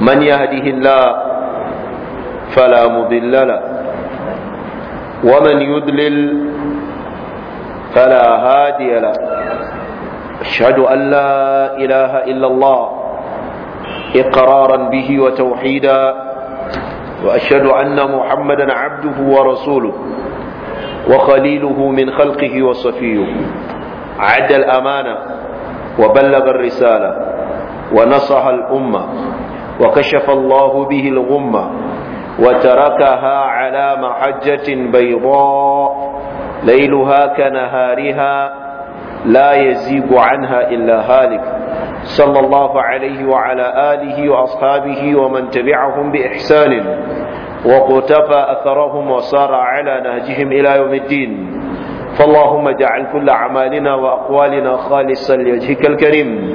من يهده الله فلا مضل له ومن يضلل فلا هادي له اشهد ان لا اله الا الله اقرارا به وتوحيدا واشهد ان محمدا عبده ورسوله وخليله من خلقه وصفيه عد الامانه وبلغ الرساله ونصح الامه وكشف الله به الغمة وتركها على محجة بيضاء ليلها كنهارها لا يزيغ عنها إلا هالك صلى الله عليه وعلى آله وأصحابه ومن تبعهم بإحسان وقتفى أثرهم وصار على نهجهم إلى يوم الدين فاللهم اجعل كل أعمالنا وأقوالنا خالصا لوجهك الكريم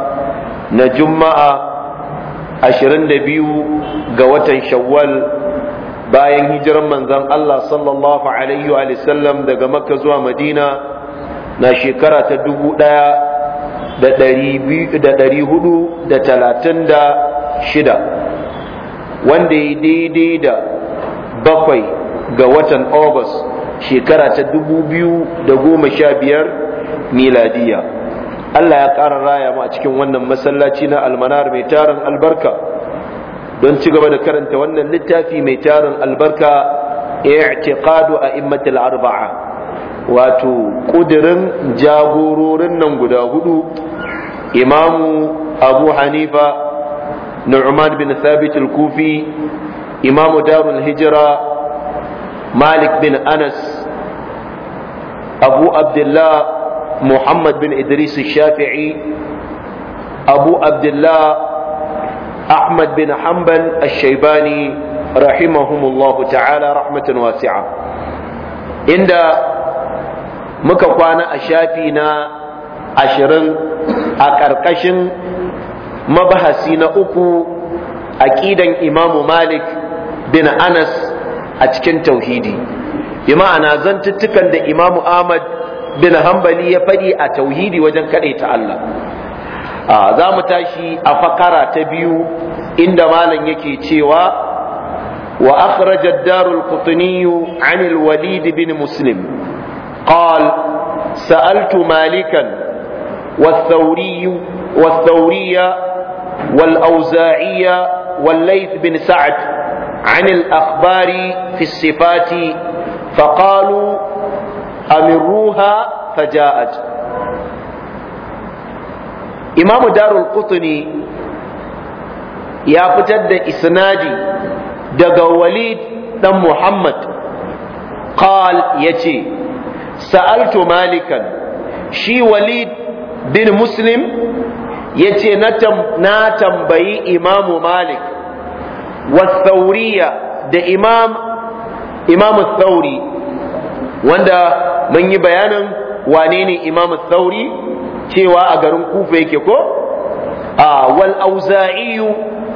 na juma'a 22 ga watan shawwal bayan hijiran manzan Allah sallallahu alaihi wa sallam daga makka zuwa madina na shekara ta shida, wanda ya daidai da bakwai ga watan august shekara ta 2015 miladiya Allah ya ƙara raya mu a cikin wannan masallaci na almanar mai tarin albarka don ci gaba da karanta wannan littafi mai tarin albarka i'tiqadu a'immatul arba'a wato kudirin jagororin nan guda hudu imamu abu hanifa nu'man bin thabit al-kufi imamu darul hijra malik bin anas abu abdullah muhammad bin idris shafi'i abu abdullah ahmad bin hanbal shaibani rahimahumullahu ta'ala rahmatan wasi'a inda muka kwana a shafi na ashirin a ƙarƙashin mabahasi na uku aƙidan imamu malik bin anas a cikin tauhidi bi ma'ana zantuttukan da imamu ahmad bin hambali ya faɗi a tauhidi wajen kaɗaita Allah za mu tashi a fakara ta biyu inda malam yake cewa وأخرج الدار القطني عن الوليد بن مسلم قال سألت مالكا والثوري والثورية والأوزاعية والليث بن سعد عن الأخبار في الصفات فقالوا amiruha faja'at imamu darul qutni ya fitar da isnadi daga walid dan muhammad qal yace sa'altu malikan shi walid bin muslim yace na tambayi imamu malik wasauriya da imam imam thauri wanda mun yi bayanin wane ne imamu sauri cewa a garin kufa yake ko a wal auza'iyu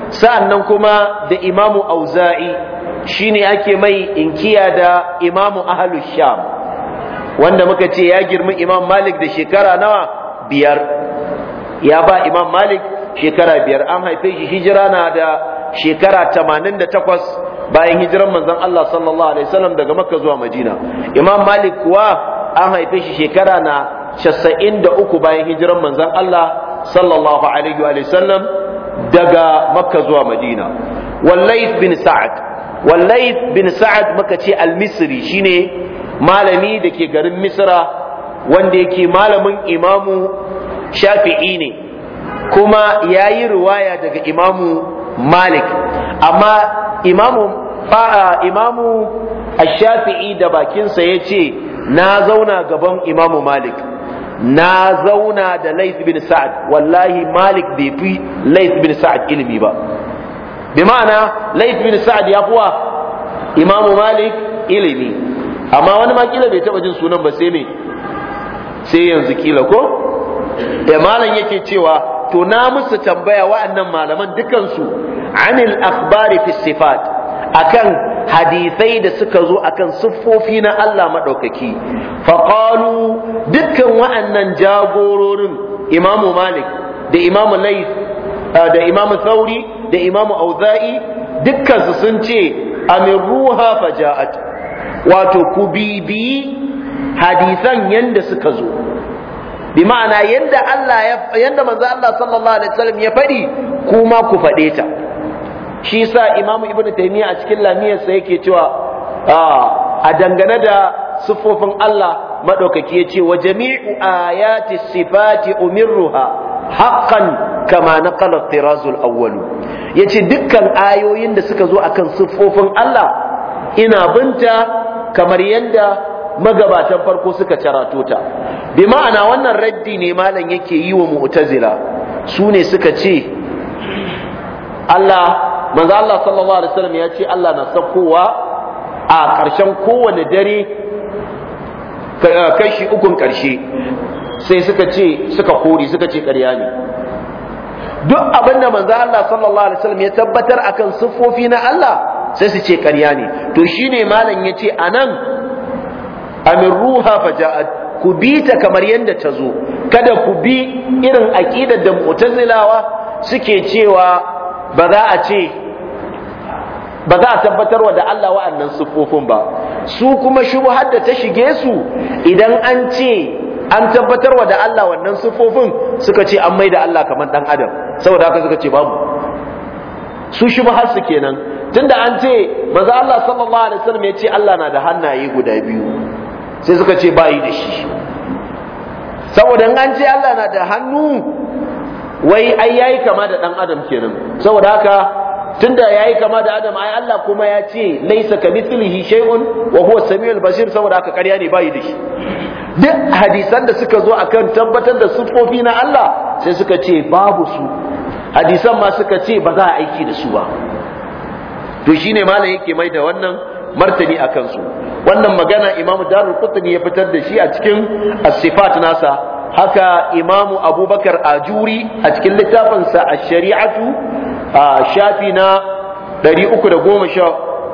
sa'annan kuma da imamu auza'i shine ake mai inkiya da imamu ahlu sham wanda muka ce ya girmi imam malik da shekara nawa biyar ya ba imam malik shekara biyar an haife shi hijira na da shekara 88 bayan hijiran manzon Allah sallallahu alaihi wasallam daga Makka zuwa Madina Imam Malik kuwa an haife shi shekara na 93 bayan hijiran manzon Allah sallallahu alaihi wa sallam daga Makka zuwa Madina Wallayth bin Sa'ad Wallayth bin Sa'ad maka ce al-Misri shine malami da ke garin Misra wanda yake malamin imamu Shafi'i ne kuma ya yi riwaya daga imamu Malik amma imamu imamu ash-shafi'i da bakinsa yace na zauna gaban imamu malik na zauna da Lais bin Sa'ad wallahi Malik bai fi Lais bin Sa'ad ilimi ba bi ma'ana Lais bin Sa'ad ya kuwa Imamu Malik ilimi amma wani ma kila bai taba jin sunan ba sai me sai yanzu kila ko da malam yake cewa to na musu tambaya wa'annan malaman dukansu anil akhbari fi sifat akan hadisai da suka zo akan siffofi na Allah madaukaki qalu dukkan wa'annan jagororin imamu malik da imamu Layth da imamu Sa'uri, da imamu auza'i su sun ce fa faja'at wato ku hadisan yanda suka zo bi ma'ana yanda Allah ya yanda manzo Allah sallallahu alaihi wasallam ya faɗi kuma ku faɗe ta shi yasa Imam Ibn Taymiyyah a cikin sa yake cewa ah, a dangane da siffofin Allah madaukaki yace wa jami'u ayati sifati umirruha haqqan kama naqala tirazul awwalu yace dukkan ayoyin da suka zo akan siffofin Allah ina binta kamar yadda. magabatan farko suka carato ta bi ma'ana wannan raddi ne malam yake yi wa mu'tazila su ne suka ce Allah manzo Allah sallallahu alaihi wasallam ya ce Allah na sakkowa a ƙarshen kowane dare kashi ukun ƙarshe sai suka ce suka kori suka ce ƙarya ne duk abin da manzo Allah sallallahu alaihi wasallam ya tabbatar akan sifofi na Allah sai su ce ƙarya ne to shine malam yace anan amin ruha faja'at ku bi ta kamar yadda ta zo kada ku bi irin aqidar da mu'tazilawa suke cewa ba za a ce ba za a tabbatar wa da Allah wa'annan siffofin ba su kuma shubhar da ta shige su idan an ce an tabbatar wa da Allah wannan siffofin suka ce an maida Allah kamar dan adam saboda haka suka ce babu su shubhar su kenan tunda an ce maza Allah sallallahu alaihi wasallam ya ce Allah na da hannaye guda biyu sai suka ce bayi da shi saboda an ce Allah na da hannu wai ai yayi kama da dan adam kenan saboda haka tunda yayi kama da adam ai Allah kuma ya ce laisa kamithlihi shay'un wa huwa samiul basir saboda haka ƙarya ne bayi da shi duk hadisan da suka zo akan tabbatar da sufofi na Allah sai suka ce babu su hadisan ma suka ce ba za a aiki da su ba to shine malam yake mai da wannan martani akan su wannan magana imamu darul qutni ya fitar da shi a cikin Asifat nasa haka imamu abubakar ajuri a cikin littafinsa a shariatu a shafi na 314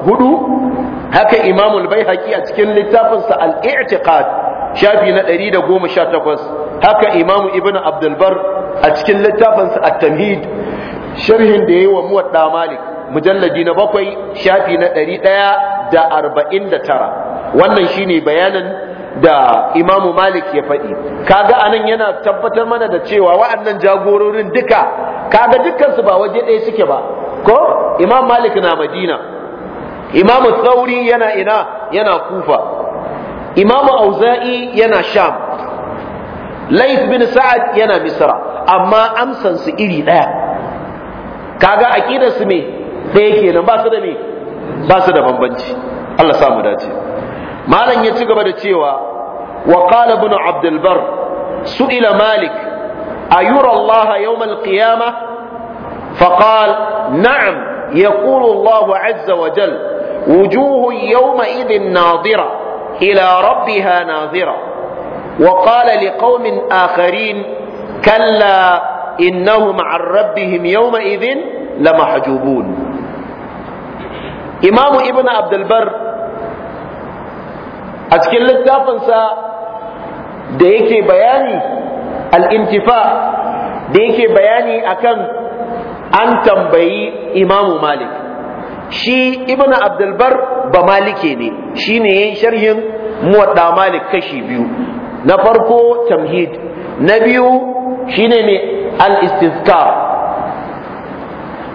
haka imamu al a cikin littafinsa al-i'tiqad shafi na 118 haka imamu ibnu Abdulbar a cikin littafinsa at-tamhid sharhin da yayi wa muwadda malik mujalladi na bakwai shafi na ɗari ɗaya da arba'in da tara wannan shine bayanin da imamu malik ya faɗi kaga anan yana tabbatar mana da cewa wa'annan jagororin duka kaga dukkansu ba waje ɗaya suke ba ko imam malik na madina imamu tsauri yana ina yana kufa imamu auza'i yana sham laif bin sa'ad yana misra amma amsansu iri ɗaya kaga aƙidarsu me ɗaya kenan ba su da me ba su da bambanci Allah sa mu dace malam ya ci gaba da cewa wa qala ibn abd albar su'ila malik ayura Allah yawm alqiyamah fa qala na'am yaqulu Allah azza wa jal wujuh yawma idhin nadira ila rabbiha nadira وقال لقوم آخرين كلا إنهم عن ربهم يومئذ لمحجوبون imamu ibn abdulbar a cikin littafinsa da yake bayani al'intifa da yake bayani akan an tambayi imamu malik shi ibn abdulbar ba malike ne shi ne ya sharhin muwadda malik kashi biyu na farko tamhid na biyu shi ne mai al-istizkar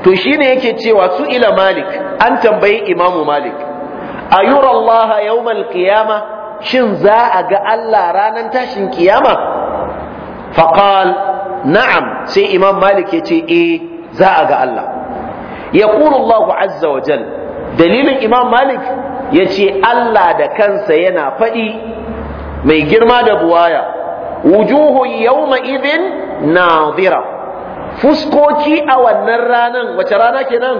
to shine yake cewa su ila malik an tambayi imamu malik ayura Allah yawmal qiyama shin za a ga Allah ranan tashin kiyama faqal na'am sai imam malik yace eh za a ga Allah yaqulu Allah azza wa jal dalilin imam malik yace Allah da kansa yana fadi mai girma da buwaya wujuhu yawma idhin nadhira fuskoki a wannan ranan wace rana kenan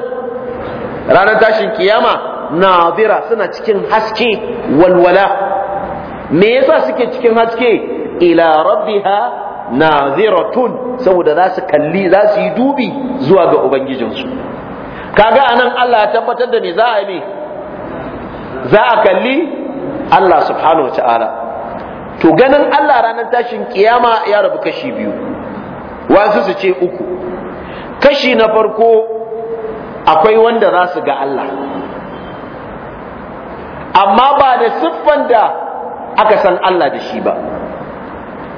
ranar tashin kiyama nadira suna cikin haske walwala me yasa suke cikin haske ila rabbiha naziratun saboda za su kalli za su yi dubi zuwa ga ubangijinsu kaga anan Allah ya tabbatar da me za a yi za a kalli Allah subhanahu wa ta'ala to ganin Allah ranar tashin kiyama ya rabu kashi biyu wasu su ce uku kashi na farko akwai wanda za su ga Allah amma ba da siffan da aka san Allah da shi ba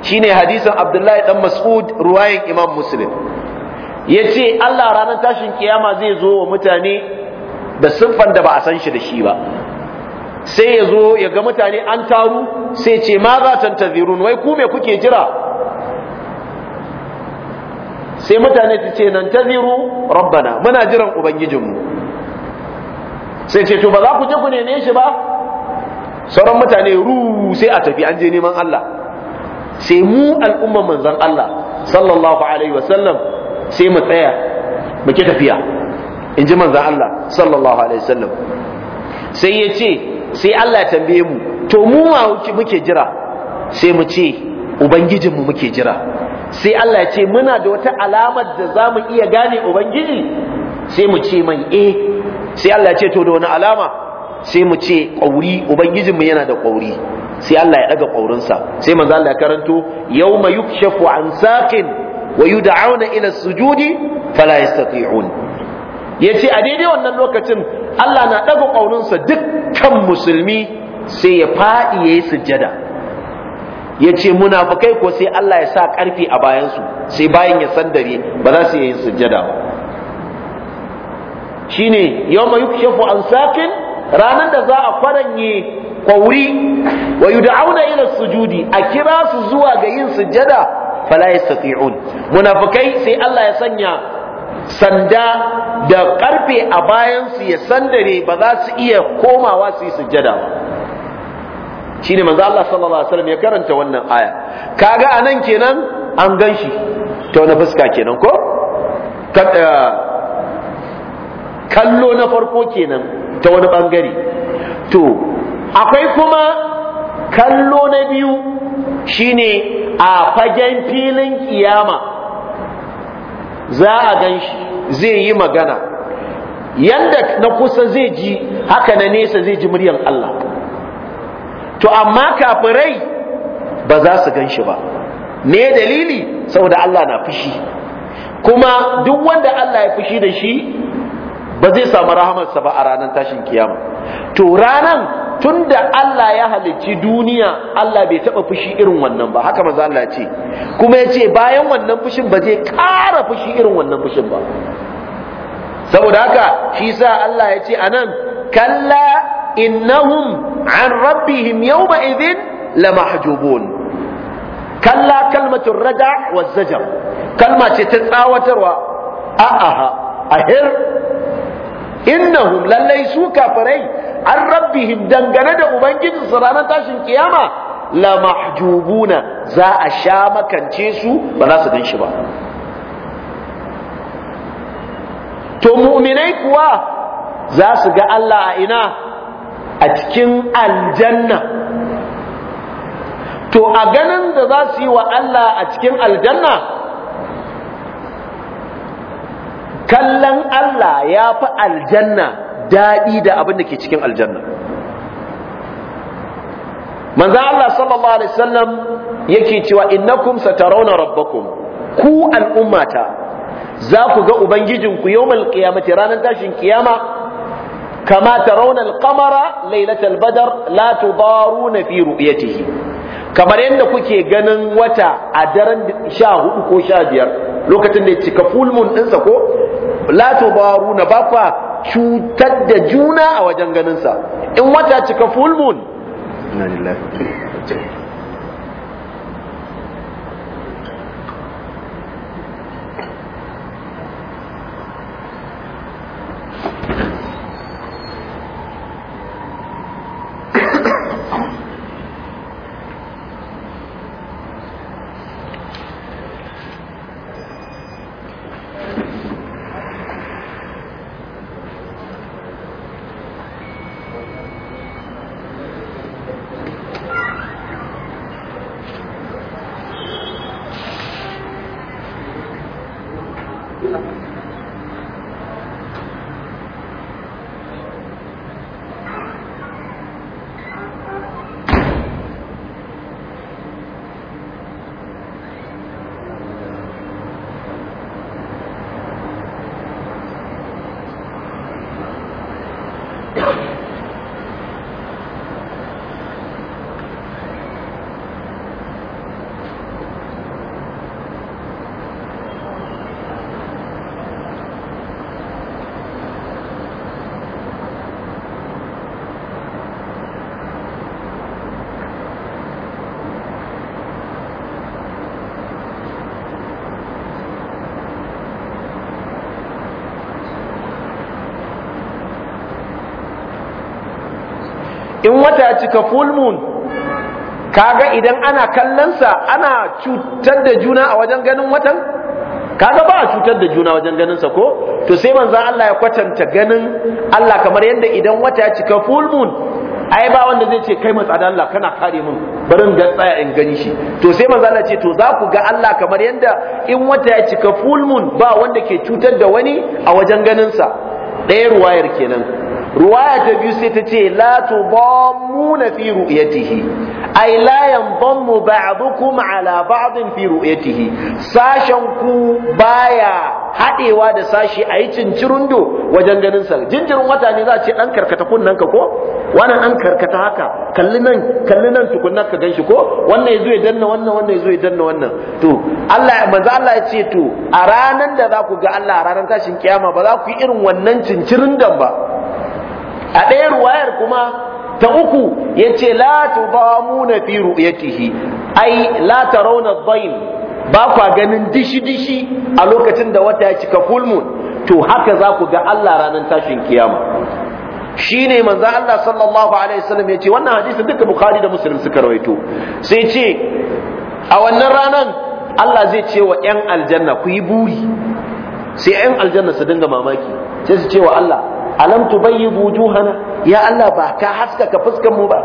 Shi ne hadisin Abdullahi dan Mas'ud ruwayan Imam Ya ce Allah ranar tashin kiyama zai zo wa mutane da siffan da ba a san shi da shi ba sai ya zo ya ga mutane an taru sai ce ma za tantazirun wai ku me kuke jira sai mutane su ce nan taziru rabbana muna jiran ubangijinmu sai ce to ba za ku je ku neme shi ba sauran mutane ru sai a tafi an je neman Allah sai mu al'umman manzon Allah sallallahu alaihi wasallam sai mu tsaya muke tafiya in ji manzon Allah sallallahu alaihi wasallam sai ya ce sai Allah ya tambaye mu to mu ma muke jira sai mu ce ubangijinmu muke jira sai Allah ya ce muna da wata alamar da za mu iya gane ubangiji sai mu ce mai eh sai Allah ya ce to da wani alama sai mu ce ƙauri ubangijinmu yana da ƙauri sai Allah ya ɗaga ƙaurinsa sai manzo Allah ya karanto yau yukshafu an saqin wa yud'auna ila sujudi fala yastati'un yace a daidai wannan lokacin Allah na ɗaga ƙaurinsa dukkan musulmi sai ya faɗi yayi sujjada ya ce munafukai ko sai Allah ya sa ƙarfi a bayansu sai bayan ya sandare ba za su yi sujjada ba shine mai shafu an safin ranar da za a kwaranye kwauri wa yud'auna ila sujudi a kira su zuwa ga yin sujjada fala yastati'un Munafukai sai Allah ya sanya sanda da ƙarfe a bayansu ya sandare ba za su iya komawa su yi sujjada Shi ne manzo Allah sallallahu alaihi wasallam ya karanta wannan aya kaga anan kenan an ganshi ta wani fuska kenan ko eh, kallo na farko kenan ta wani bangare to akwai kuma kallo na biyu shine a fagen filin kiyama za a ganshi zai yi magana yanda na kusa zai ji haka na nesa zai ji muryan Allah to amma kafirai ba za su gan shi ba me dalili saboda Allah na fushi kuma duk wanda Allah ya fushi da shi ba zai samu rahamarsa ba a ranar tashin kiyama to ranan tunda Allah ya halicci duniya Allah bai taɓa fushi irin wannan ba haka maza Allah ce kuma ya ce bayan wannan fushin ba zai ƙara fushi irin wannan fushin ba saboda haka shi sa Allah ya ce anan kalla innahum an rabbihim yawma idhin lamahjubun kalla kalmatul rada wa zajar kalma ce ta tsawatarwa a'aha ahir innahum lallai su kafirai an rabbihim dangane da ubangijin su ranar tashin kiyama la mahjubuna za a sha makance su ba za su ganshi ba to mu'minai kuwa za su ga Allah a ina a cikin aljanna to a ganin da za su yi wa Allah a cikin aljanna kallon Allah ya fi aljanna daɗi da abin da ke cikin aljanna manzan Allah sallallahu Alaihi wasallam yake cewa innakum satarawna rabbakum ku al'ummata za ku ga ubangijinku yawmal qiyamati ranar tashin kiyama kama tarawna al-qamara lailatal badr la tudaruna fi ru'yatihi kamar yadda kuke ganin wata a daren sha hudu ko sha biyar lokacin da ya cika ɗinsa ko Latubaru na ba cutar da juna a wajen ganinsa in wata cika full in wata ya cika full moon kaga idan ana kallonsa ana cutar da juna a wajen ganin watan kaga ba a cutar da juna wajen ganinsa ko to sai manzon Allah ya kwatanta ganin Allah kamar yadda idan wata ya cika full moon ai ba wanda zai ce kai matsada Allah kana kare mun barin ga tsaya in gani shi to sai manzo Allah ce to za ku ga Allah kamar yadda in wata ya cika full moon ba wanda ke cutar da wani a wajen ganin sa ɗaya ruwayar kenan ruwaya ta biyu sai ta ce la na fi ru'yatihi ay la yandammu ba'dukum ala ba'din fi ru'yatihi sashen ku baya hadewa da sashi ayi cincirundo wajen ganin sa jinjirin wata ne za a ce dan karkata kunnan ka ko wannan an karkata haka kalli nan kalli nan tukunna ka ganshi ko wannan yazo ya danna wannan wannan yazo ya danna wannan to Allah manzo Allah ya ce to a ranan da za ku ga Allah a ranar tashin kiyama ba za ku yi irin wannan dan ba a ɗaya ruwayar kuma ta uku ya yace la muna fi ru'yatihi ai Lata rauna ad ba kwa ganin dishi dishi a lokacin da wata ya cika fulmun. to haka za ku ga Allah ranar tashin kiyama ne manzan Allah sallallahu alaihi wasallam ce, wannan hadisin duka Bukhari da musulun suka rawaito sai ce a wannan ranar. Allah zai ce wa 'yan aljanna ku yi buri sai 'yan aljanna su dinga mamaki sai su ce wa Allah alam bayyi wujuhana ya Allah ba ka haskaka fuskan mu ba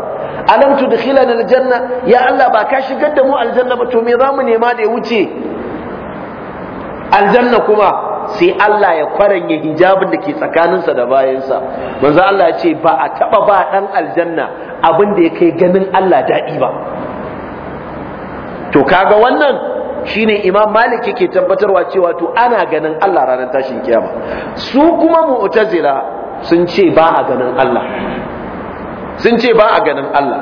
alam tudkhilana aljanna ya Allah ba ka shigar da mu aljanna ba to me zamu nema da ya wuce aljanna kuma sai Allah ya kwaranye hijabin da ke tsakaninsa da bayansa manzo Allah ya ce ba a taba ba dan aljanna abin da ya kai ganin Allah daɗi ba to kaga wannan shine Imam Malik yake tabbatarwa cewa to ana ganin Allah ranar tashin kiyama su kuma Mu'tazila sun ce ba a ganin Allah sun ce ba a ganin Allah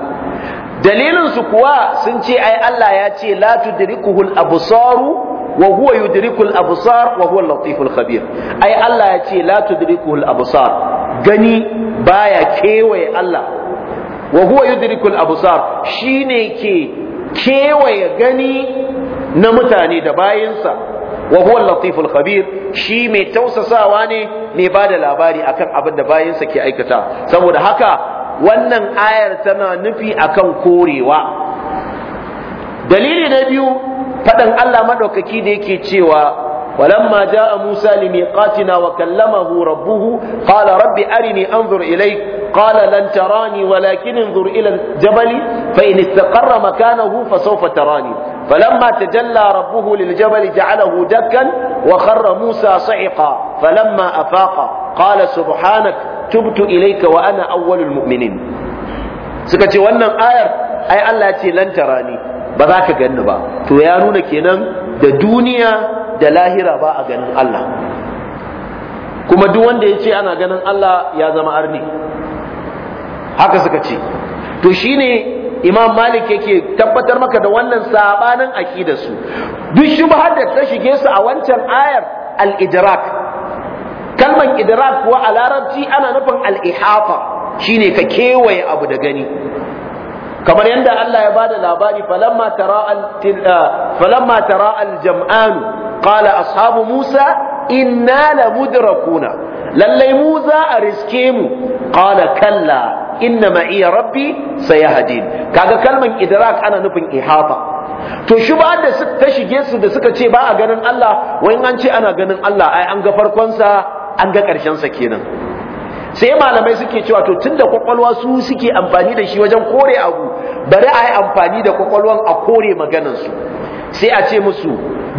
dalilinsu kuwa sun ce ai Allah ya ce la tudrikuhul absaru wa huwa yudrikul absar wa huwa latiful khabir ai Allah ya ce la tudrikuhul absar gani baya kewaye Allah wa huwa yudrikul absar shine ke kewaye gani na mutane da bayinsa wa huwa al-latiful khabir shi mai tausasawa ne mai bada labari akan abin da bayansa ke aikata saboda haka wannan ayar tana nufi akan korewa dalili na biyu fadan Allah madaukaki da yake cewa ولما جاء موسى لميقاتنا وكلمه ربه قال رب أرني أنظر إليك قال لن تراني ولكن انظر إلى الجبل فإن استقر مكانه فسوف تراني فلما تجلى ربه للجبل جعله دكا وخر موسى صعقا فلما أفاق قال سبحانك تبت إليك وأنا أول المؤمنين سكتي وانا آير أي الله يتي لن تراني بذاك جنبا تيانون كنم دا دنيا دا لاهرة باء جنب الله kuma duk wanda ya ce ana ganin Allah ya zama arni haka suka ce to shine imam malik yake tabbatar maka da wannan sabanin aqidar su duk shubhar da ta shige su a wancan ayar al-idrak kalman idrak kuwa a larabci ana nufin al-ihata shine ka kewaye abu da gani kamar yadda Allah ya bada labari falamma tara al ah, falamma tara al-jam'an qala ashabu musa inna lamudrakuna lallai mu za a riske mu qala kalla inna ma iya rabbi sayahdin kaga kalman idrak ana nufin ihata to shi ba da ta shige su da suka ce ba a ganin Allah wai an ce ana ganin Allah ai an ga farkon sa an ga karshen sa kenan sai malamai suke cewa to tunda kwakwalwa su suke amfani da shi wajen kore abu bari a amfani da kwakwalwan a kore maganar su sai a ce musu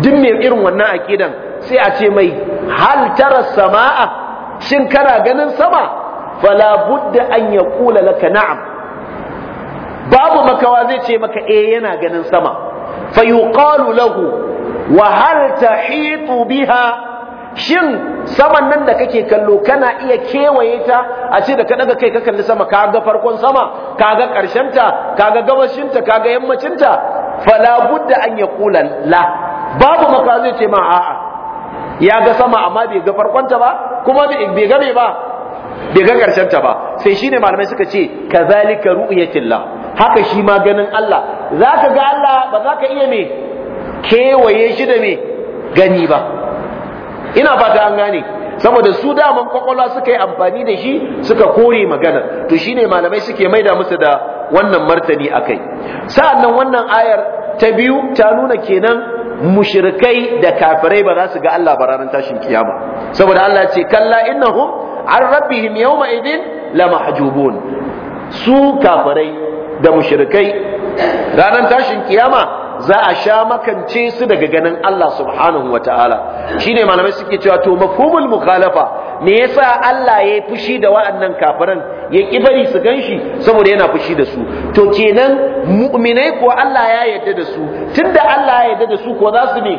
duk irin wannan aqidan sai a ce mai hal tara sama'a shin kana ganin sama fala budda an kula laka na'am babu makawa zai ce maka eh yana ganin sama Fa yuqalu lahu wa hal tahitu biha shin saman nan da kake kallo kana iya kewaye ta a ce da ka daga kai ka kalli sama ka ga farkon sama ka ga ƙarshen ta ka ga gabashin ta ka ga yammacin ta fala budda an ya kula la babu makawa zai ce ma a'a ya ga sama amma bai ga farkon ta ba kuma bai game ba bai ga karshen ta ba sai shine malamai suka ce kazalika ru'yatillah haka shi ma ganin Allah zaka ga Allah ba zaka iya me kewaye shi da me gani ba ina fata an gane saboda su daman kwakwalwa suka yi amfani da shi suka kore magana to shine malamai suke maida musu da wannan martani akai sa'annan wannan ayar ta biyu ta nuna kenan mushrikai da kafirai ba za su ga Allah ba ranar tashin kiyama saboda Allah ce kalla innahum an rabbihim yawma idin la mahjubun su kafirai da mushrikai ranar tashin kiyama za a sha makance su daga ganin Allah subhanahu wa ta'ala shi ne malamai suke cewa to mafhumul mukhalafa me yasa Allah ya yi fushi da wa'annan kafiran ya ki bari su ganshi saboda yana fushi da su to kenan mu'minai ko Allah ya yarda da su tunda Allah ya yarda da su ko za su ne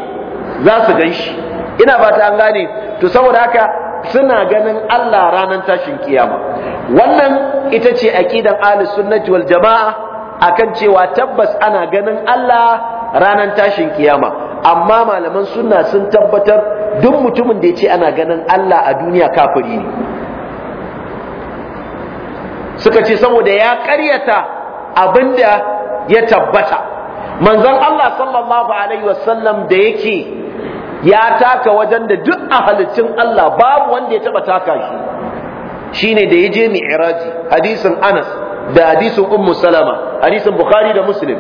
za su ganshi ina fata an gane to saboda haka suna ganin Allah ranar tashin kiyama wannan ita ce aqidan ahlus sunnati wal jamaa akan cewa tabbas ana ganin Allah ranan tashin kiyama amma malaman sunna sun tabbatar duk mutumin da ya ce ana ganin Allah a duniya kafiri ne suka ce saboda ya ƙaryata abinda ya tabbata manzon Allah sallallahu alaihi wasallam da yake ya taka wajen da duk a haliccin Allah babu wanda ya taba taka shi shine da ya je mi'raji hadisin Anas da hadisin ummu salama hadisin bukhari da muslim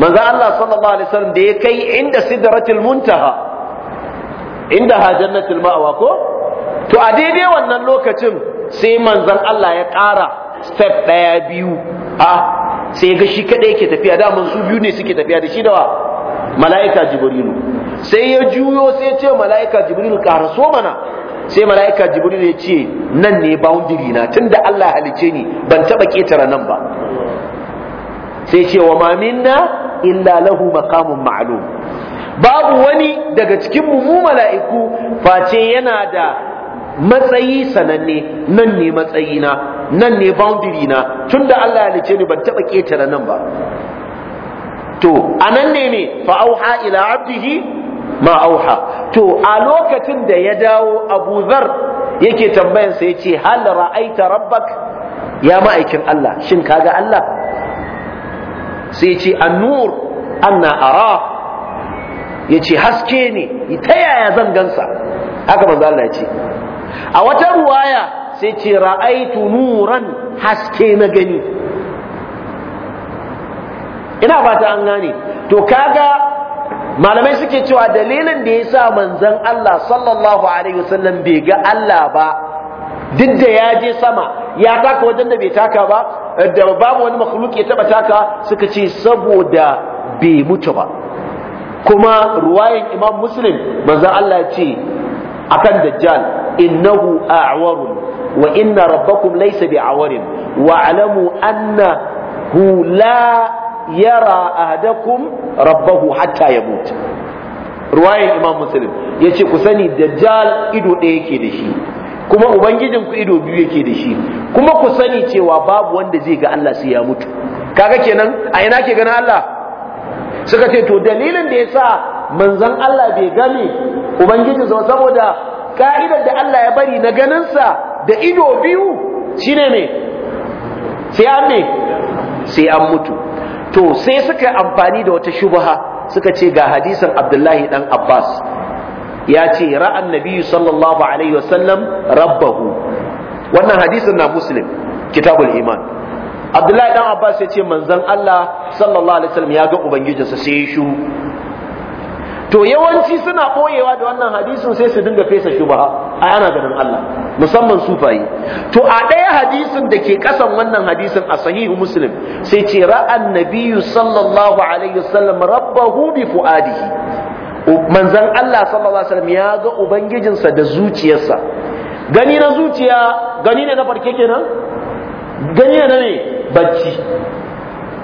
manzo Allah sallallahu alaihi wasallam da ya kai inda sidratul muntaha inda ha jannatul ma'wa ko to a daidai wannan lokacin sai manzon Allah ya ƙara step ɗaya biyu a sai ga shi kadai yake tafiya da su biyu ne suke tafiya da shi da wa mala'ika jibrilu sai ya juyo sai ya ce mala'ika jibrilu ƙara so mana sai mala'ika jibril ya ce nan ne boundary na tunda Allah halice ni ban taba ketara nan ba sai ce wa ma minna illa lahu maqamun ma'lum babu wani daga cikin mu mala'iku face yana da matsayi sananne nan ne na, nan ne boundary na tunda Allah halice ni ban taba ketara nan ba to anan ne ne fa auha ila abdihi ma auha to a lokacin da ya dawo Abu Zar yake tambayansa sa yace hal ra'aita rabbak ya ma'aikin Allah shin kaga Allah sai yace an-nur anna ara ce haske ne ta yaya zan gansa haka manzo Allah ce, a wata ruwaya sai ce ra'aitu nuran haske na gani ina fata an gane to kaga malamai suke cewa dalilin da ya sa manzon Allah sallallahu alaihi wasallam bai ga Allah ba duk da ya je sama ya taka wajen da bai taka ba da babu wani makhluk ya taba taka suka ce saboda bai mutu ba kuma ruwayan imam muslim manzon Allah ce akan dajjal innahu a'warun wa inna rabbakum laysa bi'awarin wa alamu annahu la yara ahadakum rabbahu hatta ya mutu ruwayin imam muslim yace ku sani dajjal ido ɗaya yake da shi kuma ku ido biyu yake da shi kuma ku sani cewa babu wanda zai ga Allah sai ya mutu kaga kenan a ina ke ganin Allah suka ce to dalilin da yasa manzon Allah bai gane ubangiji sa saboda ka'idar da Allah ya bari na ganin sa da ido biyu shine me sai an mutu to sai suka amfani da wata shubha suka ce ga hadisin Abdullahi dan Abbas ya ce ra'an nabiyyu sallallahu alaihi wasallam rabbahu wannan hadisin na muslim kitabul iman Abdullahi dan Abbas ya ce manzon Allah sallallahu alaihi wasallam ya ga ubangijinsa sai ya shu to yawanci suna boyewa da wannan hadisin sai su dinga fesa shubha ai ana ganin Allah musamman sufayi to a ɗaya hadisin da ke ƙasan wannan hadisin a sahihu muslim sai ce ra'an nabiyyu sallallahu alaihi wasallam rabbahu bi fu'adihi manzon Allah sallallahu alaihi wasallam ya ga ubangijinsa da zuciyarsa gani na zuciya gani ne na farke kenan gani ne na ne bacci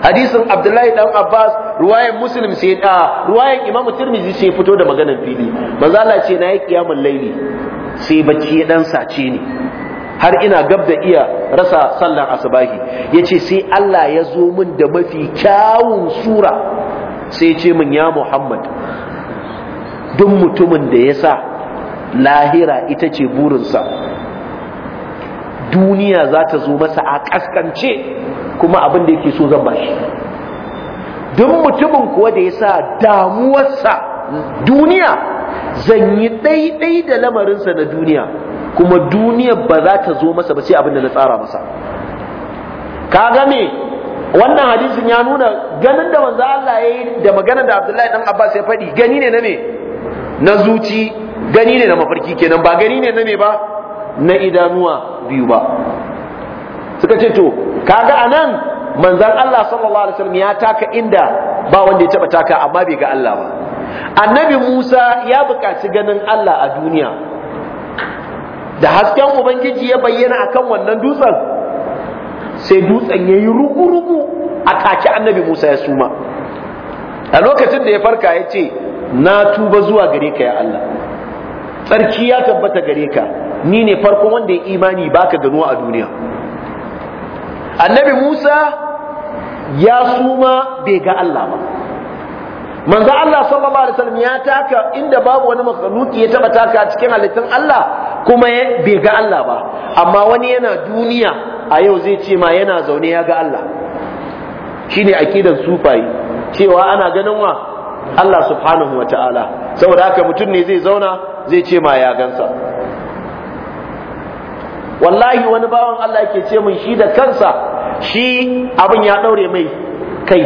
hadisin abdullahi dan abbas ruwayan muslim sai da ruwayan imamu tirmizi sai fito da maganar fili manzo Allah ce na yi kiyamul laili sai bacci ya dan sace ni har ina gab da iya rasa sallar asubahi yace sai Allah ya zo min da mafi kyawun sura sai ya ce min ya Muhammad duk mutumin da yasa lahira ita ce burinsa duniya za ta zo masa a kaskance kuma abin da yake so zan bashi duk mutumin kuwa da ya sa damuwarsa duniya zan yi ɗaiɗai da lamarinsa na duniya kuma duniya ba za ta zo masa ba sai abin da na tsara masa kaga me wannan hadisin ya nuna ganin da manzo Allah yayi da maganar da Abdullahi dan Abbas ya faɗi gani ne na me na zuci gani ne na mafarki kenan ba gani ne na me ba na idanuwa biyu ba suka ce to kaga anan manzan Allah sallallahu alaihi wasallam ya taka inda ba wanda ya taba taka amma bai ga Allah ba annabi Musa ya buƙaci ganin Allah a duniya da hasken ubangiji ya bayyana akan wannan dutsen sai dutsen yayi rugu-rugu a kaki annabi Musa ya suma a lokacin da ya farka ya ce na tuba zuwa gare ka ya Allah tsarki ya tabbata gare ka ni ne farko wanda ya imani baka ganuwa a duniya annabi Musa ya suma bai ga Allah ba manzo Allah sallallahu alaihi wasallam ya taka inda babu wani makhluki ya taba taka a cikin halittun Allah kuma bai ga Allah ba amma wani yana duniya a yau zai ce ma yana zaune ya ga Allah shine akidan sufaye, cewa ana ganin wa Allah subhanahu wataala saboda haka mutum ne zai zauna zai ce ma ya gansa wallahi wani bawan Allah yake ce mun shi da kansa shi abin ya ɗaure mai kai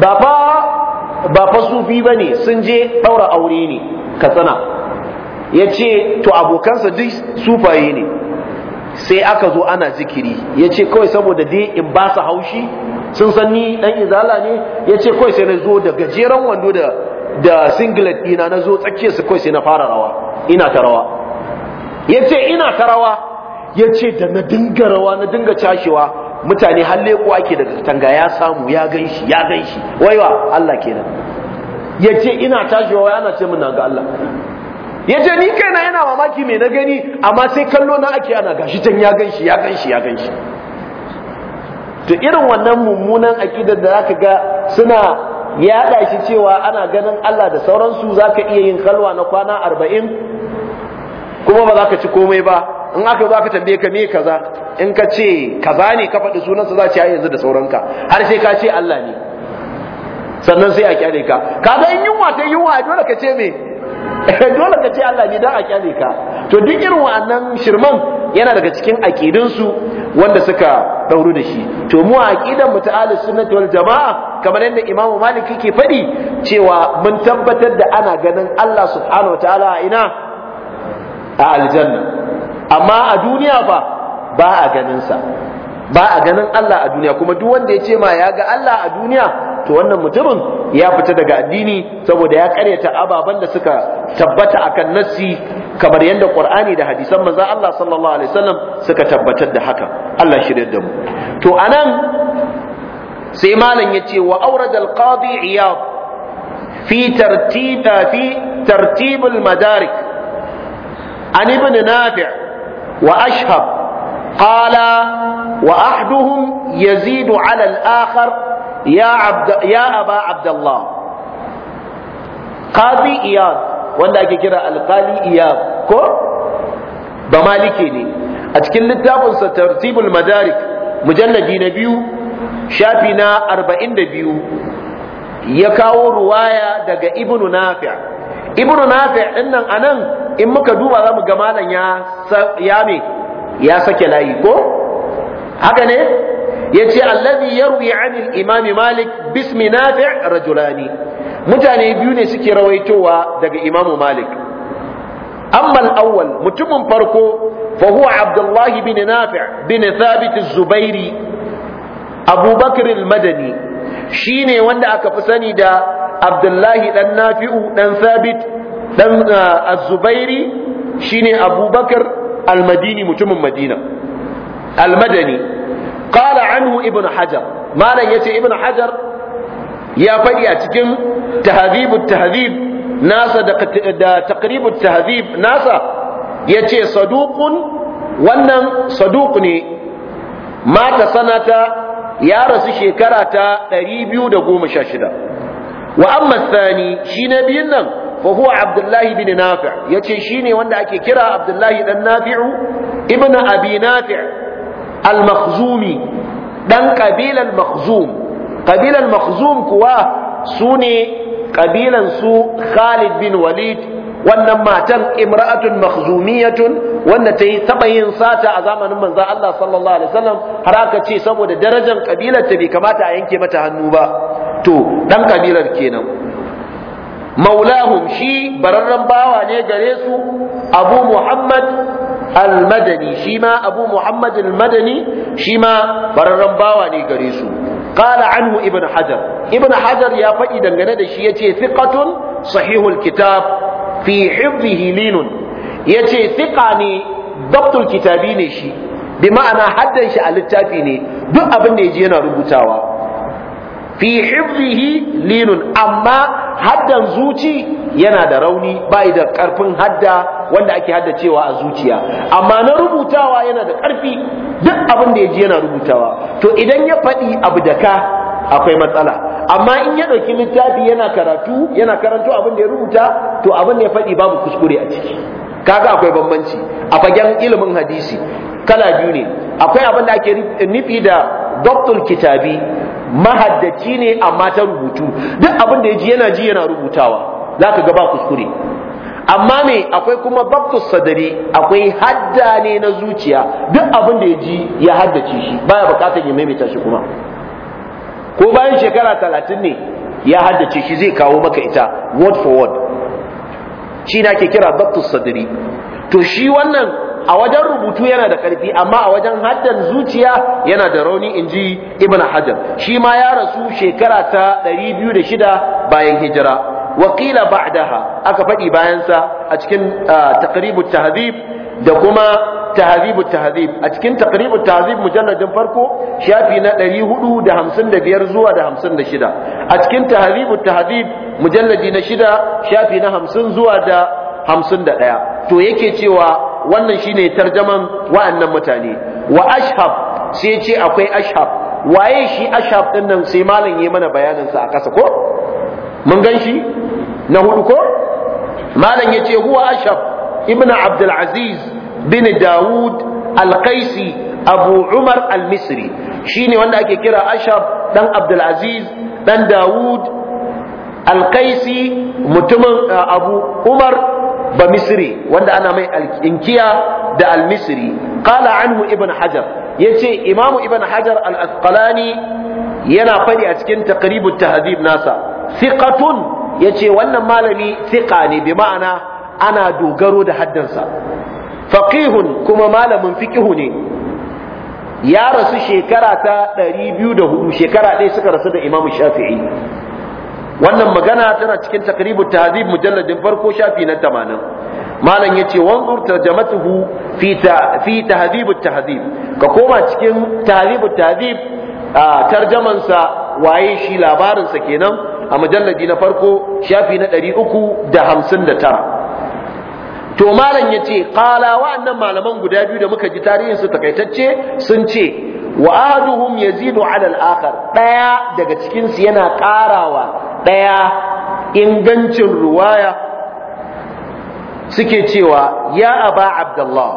ba fa sufi ba ne sun je ɗaura aure ne katsina ya ce to abokansa duk sufaye ne sai aka zo ana zikiri ya ce kawai saboda dai in ba su haushi sun san ni ɗan izala ne ya ce kawai sai na zo da gajeren wando da da singlet ina na zo tsakiyar su kawai sai na fara rawa ina ta rawa ya ce ina ta rawa ya ce da na dinga rawa na dinga cashewa mutane halle ko ake daga tanga ya samu ya ganshi ya ganshi waiwa Allah kenan yace ina tashiwa wai ana ce min na ga Allah yace ni kaina yana mamaki me na gani amma sai kallo na ake ana gashi can ya ganshi ya ganshi ya ganshi to irin wannan mummunan akidar da zaka ga suna ya yaɗa shi cewa ana ganin Allah da sauransu zaka iya yin kalwa na kwana arba'in kuma ba za ka ci komai ba in aka zo aka tambaye ka me kaza in ka ce kaza ne ka faɗi sunansa za ce yanzu da sauranka har sai ka ce Allah ne sannan sai a kyale ka kaza in yunwa ta yunwa dole ka ce me dole ka ce Allah ne dan a kyale ka to duk irin wannan shirman yana daga cikin aqidun wanda suka dauru da shi to mu aqidan mu ta ahlus sunnati wal jamaa kamar yadda Imamu Malik ke faɗi cewa mun tabbatar da ana ganin Allah subhanahu wataala ina a aljanna amma a duniya fa ba a ganin sa ba a ganin Allah a duniya kuma duk wanda ya ce ma ya ga Allah a duniya to wannan mutumin ya fita daga addini saboda ya karyata ababen da suka tabbata akan nassi kamar yadda Qur'ani da hadisan manzo Allah sallallahu alaihi wasallam suka tabbatar da haka Allah shiryar da mu to anan sai malam yace wa awrad al-qadi iyad fi tartiba fi tartib madarik an ibn nafi' Wa قال وأحدهم يزيد على الآخر يا, عبد يا أبا عبد الله قاضي إياد wanda ake kira alƙali iya ko ba Maliki ne a cikin littafinsa tartibul madarik mujalladi na biyu shafi na arba'in da biyu ya kawo ruwaya daga ibnu nafi' ibnu nafi' din nan anan in muka duba zamu ga malam ya ya me ya sake layi ko haka ne yace allazi yarwi anil imami malik bismi nafi' rajulani mutane biyu ne suke rawaitowa daga imamu malik amma al-awwal mutumin farko fa huwa abdullah bin nafi' bin thabit az-zubairi abubakar al-madani shine wanda aka fi sani da abdullahi dan nafi'u dan sabit dan ah, az-zubairi shine abubakar al-madini mutumin madina al-madani qala anhu ibnu hajar malam yace ibnu hajar ya fadi a cikin tahdhibut tahdhib nasa da taqribut tahdhib nasa yace saduqun wannan saduq ne mata sanata ya rasu shekara ta 216 wa amma thani shi na biyun nan fa huwa abdullahi bin nafi' yace shine wanda ake kira abdullahi dan nafi'u ibn abi nafi' al-makhzumi dan kabilan makhzum kabilan makhzum kuwa sune kabilan su Khalid bin Walid wannan matan imra'atun makhzumiyatun wanda ta yi taɓa yin sata a zamanin manzo Allah sallallahu alaihi wasallam har aka ce saboda darajar kabilar ta bai kamata a yanke mata hannu ba to dan kabilar kenan maulahum shi bararren bawa ne gare su abu muhammad al-madani shi ma abu muhammad al-madani shi ma bararren bawa ne gare su قال عنه ابن حجر ابن ya faɗi dangane da shi yace thiqatun sahihul kitab fi hifzihi linun yace siƙa ne dabtul kitabi ne shi bi ma'ana haddan shi a littafi ne duk abin da yaji yana rubutawa fi hifzihi linun amma haddan zuci yana da rauni bai da karfin hadda wanda ake haddacewa a zuciya amma na rubutawa yana da karfi duk abin da yaji yana rubutawa to idan ya faɗi abu da ka akwai matsala amma in ya ɗauki littafi yana karatu yana karanto abin da ya rubuta to abin da ya faɗi babu kuskure a ciki kaga akwai bambanci a fagen ilimin hadisi kala biyu ne akwai abin da ake nufi da doktor kitabi mahaddaci ne amma ta rubutu duk abin da ya ji yana ji yana rubutawa za ka ga ba kuskure amma me akwai kuma babtus sadari akwai hadda ne na zuciya duk abin da ya ji ya haddace shi baya bukatar ya maimaita shi kuma ko bayan shekara talatin ne ya haddace shi zai kawo maka ita word for word shi na ke kira dabtus sadri to shi wannan a wajen rubutu yana da karfi amma a wajen haddan zuciya yana da rauni in ji ibn hajar shi ma ya rasu shekara ta 206 bayan hijira wakila ba'daha aka faɗi bayansa a cikin ah, ta tahdhib da kuma tahzibu tahzib a cikin taqribu tahzib mujalladin farko shafi na 455 zuwa da 56 a cikin tahzibu tahzib mujalladi na 6 shafi na 50 zuwa da 51 to yake cewa wannan shine tarjaman wa'annan mutane wa ashab sai ce akwai ashab waye shi ashab din nan sai malam yayi mana bayanin sa a kasa ko mun gan shi na hudu ko malam yace huwa ashab ibn abdul aziz bin dawud al-qaisi abu umar al-misri shine wanda ake kira ashab dan abdul aziz dan dawud al-qaisi mutumin uh, abu umar ba misri wanda ana mai inkiya da al-misri qala anhu ibn hajar yace imamu ibn hajar al-asqalani yana faɗi a cikin taqribut tahdhib nasa thiqatun yace wannan malami thiqa ne bi ma'ana ana dogaro da haddansa faqihun kuma malamin fiqihu ne ya rasu shekara ta 204 shekara ɗaya suka rasu da imamu Shafi'i wannan magana tana cikin taqribut tahzib mujalladin farko shafi na 80 malam yace wanzur tarjamatuhu fi ta, fi tahdhibut tahdhib ka koma cikin tahzib tahdhib tarjaman sa waye shi labarin sa kenan a mujalladi na farko shafi na 359 to malam yace qala wa'annan malaman guda biyu da muka ji tarihin su takaitacce sun ce wa ahaduhum yazidu 'ala al-akhar daya daga cikin su yana karawa daya ingancin ruwaya suke cewa ya aba abdullah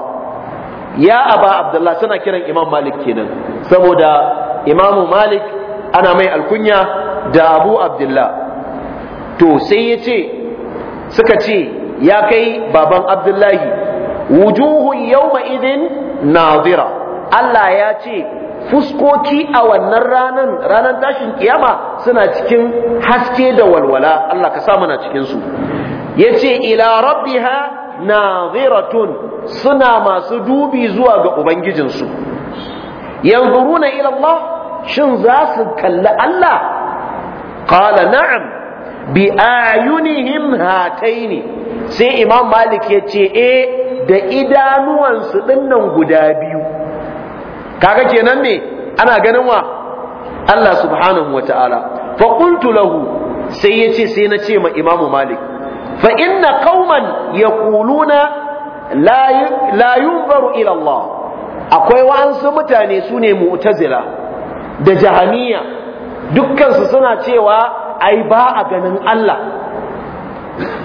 ya aba abdullah suna kiran imam malik kenan saboda imamu malik ana mai alkunya da abu abdullah to sai yace suka ce ya kai baban abdullahi wujuhun yau idin nazira Allah ya ce fuskoki a wannan ranan ranan tashin kiyama suna cikin haske da walwala Allah ka sa mana cikin su yace ila rabbiha naziratun suna masu dubi zuwa ga ubangijinsu Yanzu ila Allah shin za su kalli Allah qala na'am bi ayunihim hataini sai imam malik ya ce eh da idanuwansu dinnan guda biyu kaga kenan ne ana ganin wa Allah subhanahu wa ta'ala fa qultu lahu sai yace sai na ce ma imamu malik fa inna qauman yaquluna la la yunzaru ila Allah akwai wa'ansu mutane su ne mu'tazila da jahaniya dukkansu suna cewa ai ba a ganin Allah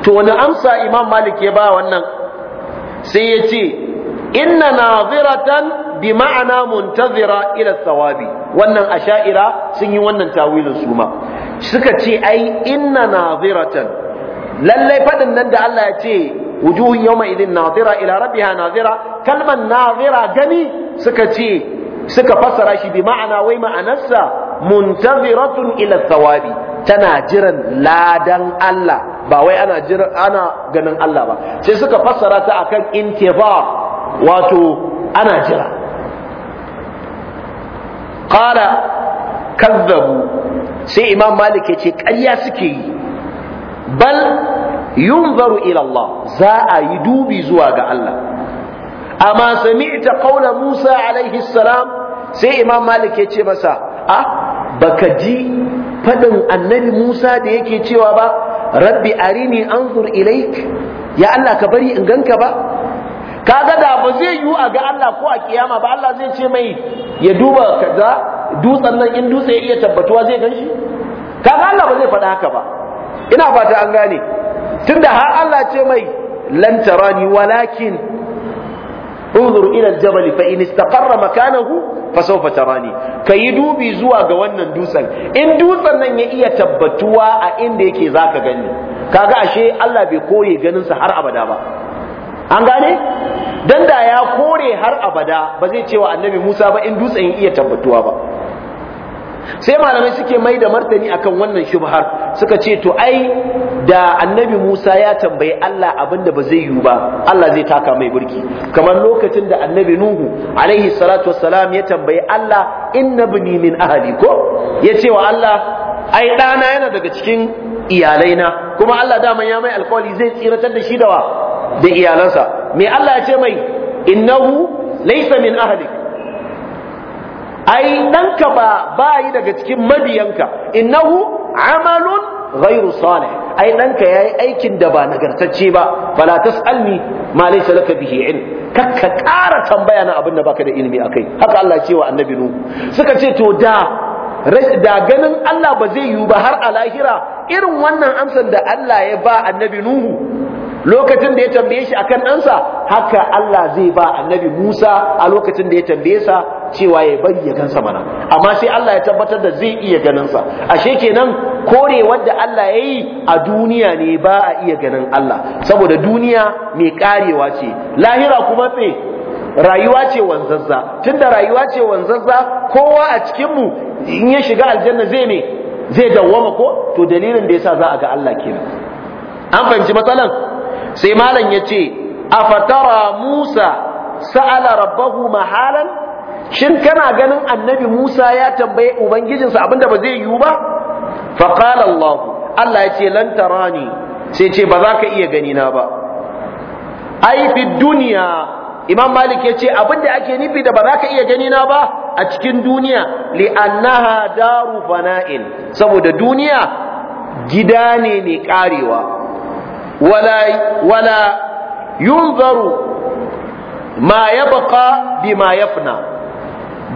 to wani amsa imam malik ya ba wannan sai ya ce inna naziratan bi ma'ana muntazira ila thawabi wannan asha'ira sun yi wannan tawilin su ma suka ce ai inna naziratan lallai fadin nan da Allah ya ce wujuhun yawma idin nazira ila rabbiha nazira kalman nazira gani suka ce suka fassara shi bi ma'ana wai ma'anarsa muntaziratun ila sawabi tana jiran ladan Allah ba wai ana jiran ana ganin Allah ba sai suka fassara ta akan intibar wato ana jira qala kazzabu sai imam malik yace ƙarya suke yi bal yunzaru ila Allah za a yi dubi zuwa ga Allah amma sami'ta qawla Musa alaihi salam sai imam malik yace masa ah baka ji faɗin annabi Musa da yake cewa ba rabbi arini anzur ilaik ya Allah ka bari in ganka ba kaga da ba zai yiwu a ga Allah ko a kiyama ba Allah zai ce mai ya duba kaza dutsen nan in dutse iya tabbatuwa zai ganshi ga Allah ba zai faɗa haka ba ina fata an gane tunda har Allah ce mai lan tarani walakin انظر jabali الجبل فإن استقر makanahu fasawfa tarani kayi dubi zuwa ga wannan dutsen in dutsen nan ya iya tabbatuwa a inda yake zaka gani kaga ashe Allah bai kore ganin sa har abada ba an gane dan da ya kore har abada ba zai ce annabi Musa ba in dutsen ya iya tabbatuwa ba sai malamai suke mai da martani akan wannan shubhar suka ce to ai da annabi Musa ya tambayi Allah abinda ba zai yiwu ba Allah zai taka mai burki kamar lokacin da annabi Nuhu alaihi salatu wassalam ya tambayi Allah inna bani min ahli ko ya ce wa Allah ai ɗana yana daga cikin iyalaina kuma Allah da man ya mai alkawali zai tsiratar da shi da wa da iyalansa me Allah ya ce mai innahu laysa min ahlik ai ɗanka ba ba yi daga cikin mabiyanka innahu amalun ghairu salih ai ɗanka yayi aikin da ba nagartacce ba fala tasalni ma laysa laka bihi ilm kakka ƙara tambaya na abin da baka da ilimi akai haka Allah ce wa annabi nu suka ce to da da ganin Allah ba zai yiwu ba har a lahira irin wannan amsar da Allah ya ba annabi Nuhu lokacin da ya tambaye shi akan ɗansa haka Allah zai ba annabi Musa a lokacin da ya tambaye sa cewa ya bari ya gansa mana amma sai Allah ya tabbatar da zai iya ganinsa ashe kenan kore wanda Allah ya yi a duniya ne ba a iya ganin Allah saboda duniya mai karewa ce lahira kuma tsaye rayuwa ce wanzazza tunda rayuwa ce wanzazza kowa a cikin mu in ya shiga aljanna zai ne zai dawwama ko to dalilin da yasa za a ga Allah kenan an fahimci matsalan sai malam ya ce a fatara musa sa'ala rabbahu mahalan shin kana ganin annabi musa ya tambaye ubangijinsa abinda ba zai yiwu ba faqala allah allah ya ce lantara ne. sai ce ba za ka iya gani ba Aifi duniya imam malik ya ce abinda ake nufi da ba za ka iya ganina ba a cikin duniya li'annaha daru fana'in saboda duniya gida ne mai karewa ولا ولا ينظر ما يبقى بما يفنى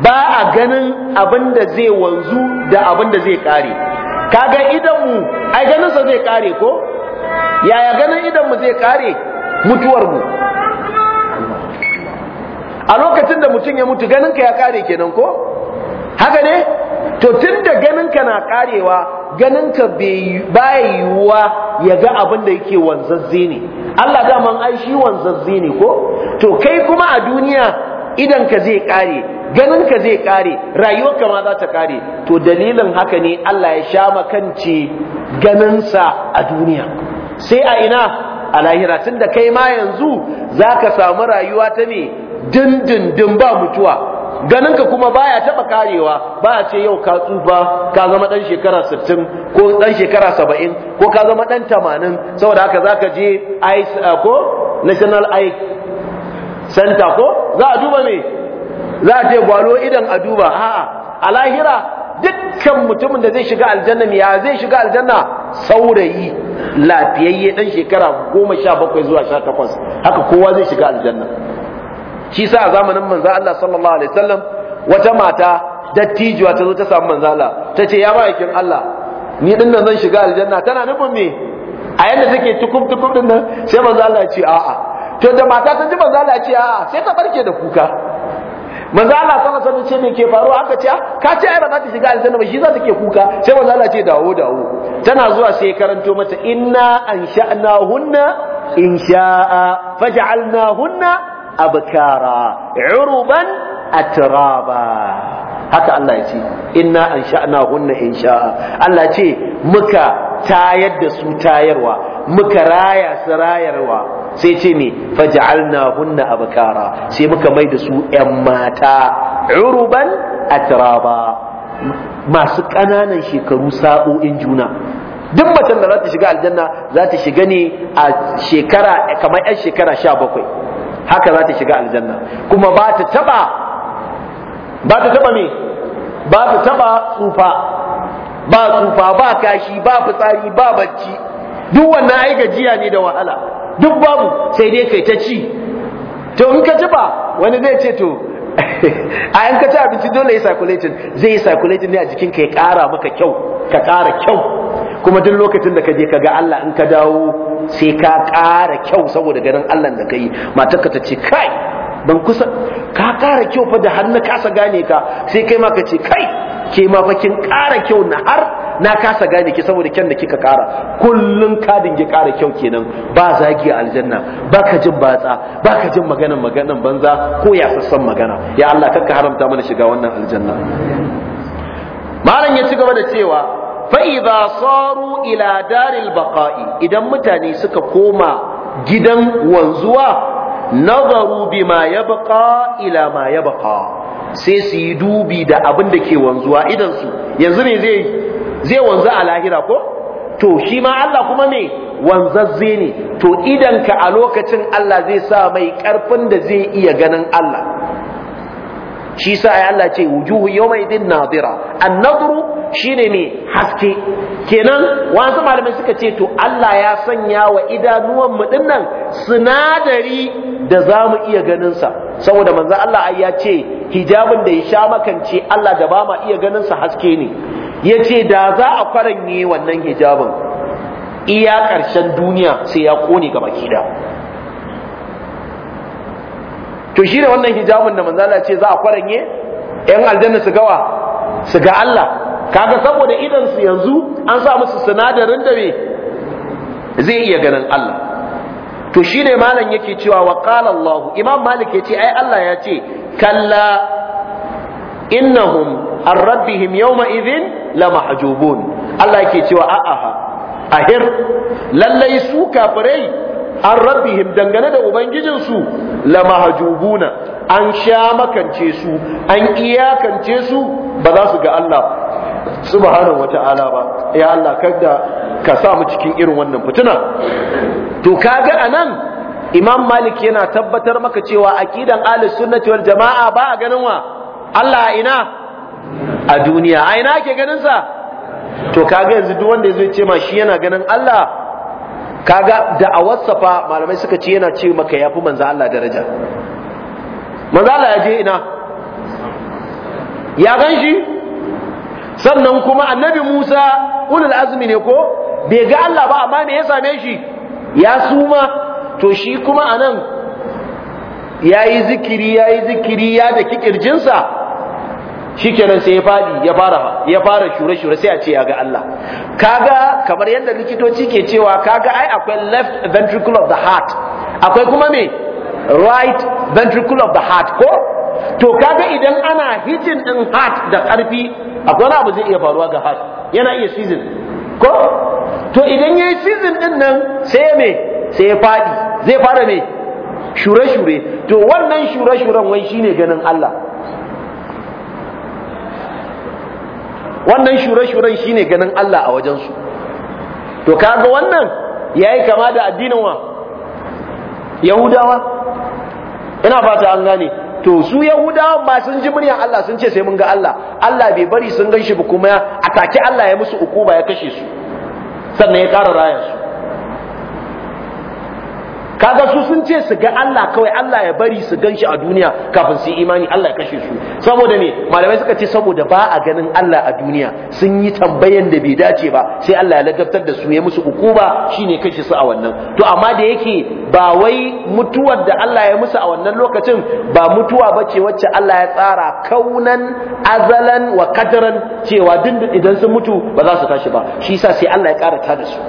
با a ganin abin da zai wanzu da abin da zai kare kaga idanmu ai ganinsa zai kare ko yaya ganin idanmu zai kare mutuwar mu? a lokacin da mutum ya mutu ganinka ya kare kenan ko haka ne to tun da ganinka na karewa ganinka baya yiwuwa ya ga abin da yake wanzazze ne Allah daman ai shi wanzazze ne ko to kai kuma a duniya idan ka zai kare ganin ka zai kare ka ma za ta kare to dalilin haka ne Allah ya sha makance ganinsa a duniya sai a ina a lahira tunda kai ma yanzu zaka samu rayuwa ta me dindindin ba mutuwa ganinka kuma baya taba karewa ba a ce yau ka tsufa ka zama dan shekara 60 ko dan shekara 70 ko ka zama dan 80 saboda haka zaka je ice ko national eye center ko za a duba me za a je gwalo idan a duba a'a a lahira dukkan mutumin da zai shiga aljanna ya zai shiga aljanna saurayi lafiyayye dan shekara 17 zuwa 18 haka kowa zai shiga aljanna shi sa a zamanin manzo Allah sallallahu alaihi wasallam wata mata dattijuwa ta ta samu manzo Allah ta ce ya ma'aikin Allah ni din nan zan shiga aljanna tana nufin me a yanda take tukum tukum din nan sai manzo Allah ya ce a'a to da mata ta ji manzo Allah ya ce a'a sai ta barke da kuka manzo Allah sallallahu alaihi wasallam ce me ke faruwa aka ce ah, ka ce ai ba za ta shiga aljanna ba shi za ta ke kuka sai manzo Allah ce dawo dawo tana zuwa sai karanto mata inna ansha'nahunna insha'a faj'alnahunna abkara uruban atraba haka Allah ya ce inna ansha'nahunna insha'a Allah ya ce muka tayar da su tayarwa muka raya su rayarwa sai ce ne faj'alnahunna abkara sai muka mai da su ƴan mata uruban atraba masu ƙananan shekaru sa'o'in juna duk macen da za ta shiga aljanna za ta shiga ne a shekara kamar 'yan shekara sha bakwai haka za ta shiga aljanna kuma ba ta taba ba ta taba me ba ta taba tsufa ba tsufa ba kashi ba fitsari ba bacci duk wannan ai gajiya ne da wahala duk babu sai dai kai ta ci to in ka ci wani zai ce to a yanka ci abinci dole ya circulating zai yi circulating ne a jikin ka ya kara maka kyau ka kara kyau kuma duk lokacin da ka je ka Allah in ka dawo sai ka ƙara kyau saboda ganin Allah da kai matarka ta ce kai ban kusa ka ƙara kyau fa da har na kasa gane ka sai kai ma ka ce kai ke ma fa kin ƙara kyau na har na kasa gane ki saboda kyan da kika ƙara kullun ka dinge ƙara kyau kenan ba zagi a aljanna ba ka jin batsa ba ka jin maganan maganan banza ko ya sassan magana ya Allah kakka haramta mana shiga wannan aljanna malam ya ci gaba da cewa fa'iza saru ila daril baqa'i idan mutane suka koma gidan wanzuwa nazaru bima yabqa ila ma yabqa sai su yi dubi da abin da ke wanzuwa idan su yanzu ne zai wanzu a lahira ko to shi ma Allah kuma me wanzazze ne to idan ka a lokacin Allah zai sa mai ƙarfin da zai iya ganin Allah shi sa ai Allah ce wujuhu yawma idin nadira an-nadru shine ne haske kenan wasu malamai suka ce to Allah ya sanya wa idanuwan mu dinnan sinadari da zamu iya ganin sa saboda manzo Allah ai ya ce hijabin da ya sha makance Allah da ba ma iya ganin sa haske ne yace da za a kwaranye wannan hijabin iya karshen duniya sai ya kone gaba kida to shi ne wannan hijabun da manzala ce za a kwaranye yan aljanna su gawa su ga Allah kaga saboda idan su yanzu an sa musu sinadarin da me zai iya ganin Allah to shi ne malam yake cewa wa qala Allah imam malik yace ai Allah ya ce kalla innahum an rabbihim yawma idhin la mahjubun Allah yake cewa a'a ahir lallai su kafirai an rabbihim dangane da ubangijinsu la mahjubuna an shamakance su an iyakance su ba za su ga Allah subhanahu wata'ala ba ya Allah kada ka sa mu cikin irin wannan fitina to kaga anan Imam Malik yana tabbatar maka cewa akidan Ahlus Sunnati wal Jama'a ba a ganin wa Allah ina a duniya a ina ke ganin sa to kaga yanzu duk wanda yazo ya ce ma shi yana ganin Allah kaga da a fa malamai suka ce yana ce maka ya fi manzo Allah daraja manzo Allah ya je ina ya gan shi sannan kuma annabi Musa ulul azmi ne ko bai ga Allah ba amma me ya same shi ya suma to shi kuma anan yayi zikiri yayi zikiri ya da kikirjinsa shikenan sai ya fadi ya fara ya fara shure shure sai a ce ya ga Allah kaga kamar yadda likitoci ke cewa kaga ai akwai left ventricle of the heart akwai kuma me right ventricle of the heart ko to kaga idan ana hitin din heart da karfi akwai wani abu zai iya faruwa ga heart yana iya season ko to idan yayi season din nan sai me sai ya fadi zai fara me shure shure to wannan shure shuren wai shine ganin Allah wannan shure-shuren shine ganin Allah a wajensu to kaga wannan yayi kama da addinin wa yahudawa ina fata an gane to su yahudawa ba sun ji muryar Allah sun ce sai mun ga Allah Allah bai bari sun ganshi shi ba kuma a take Allah ya musu ukuba ya kashe su sannan ya ƙara rayansu kaga su sun ce su ga Allah kawai Allah ya bari su ganshi a duniya kafin su imani Allah ya kashe su saboda me malamai suka ce saboda ba a ganin Allah a duniya sun yi tambayan da bai dace ba sai Allah ya ladabtar da su ya musu ukuba shine kashe su a wannan to amma da yake ba wai mutuwar da Allah ya musu a wannan lokacin ba mutuwa bace wacce Allah ya tsara kaunan azalan wa kadran cewa dindin idan sun mutu ba za su tashi ba shi yasa sai Allah ya ƙara da su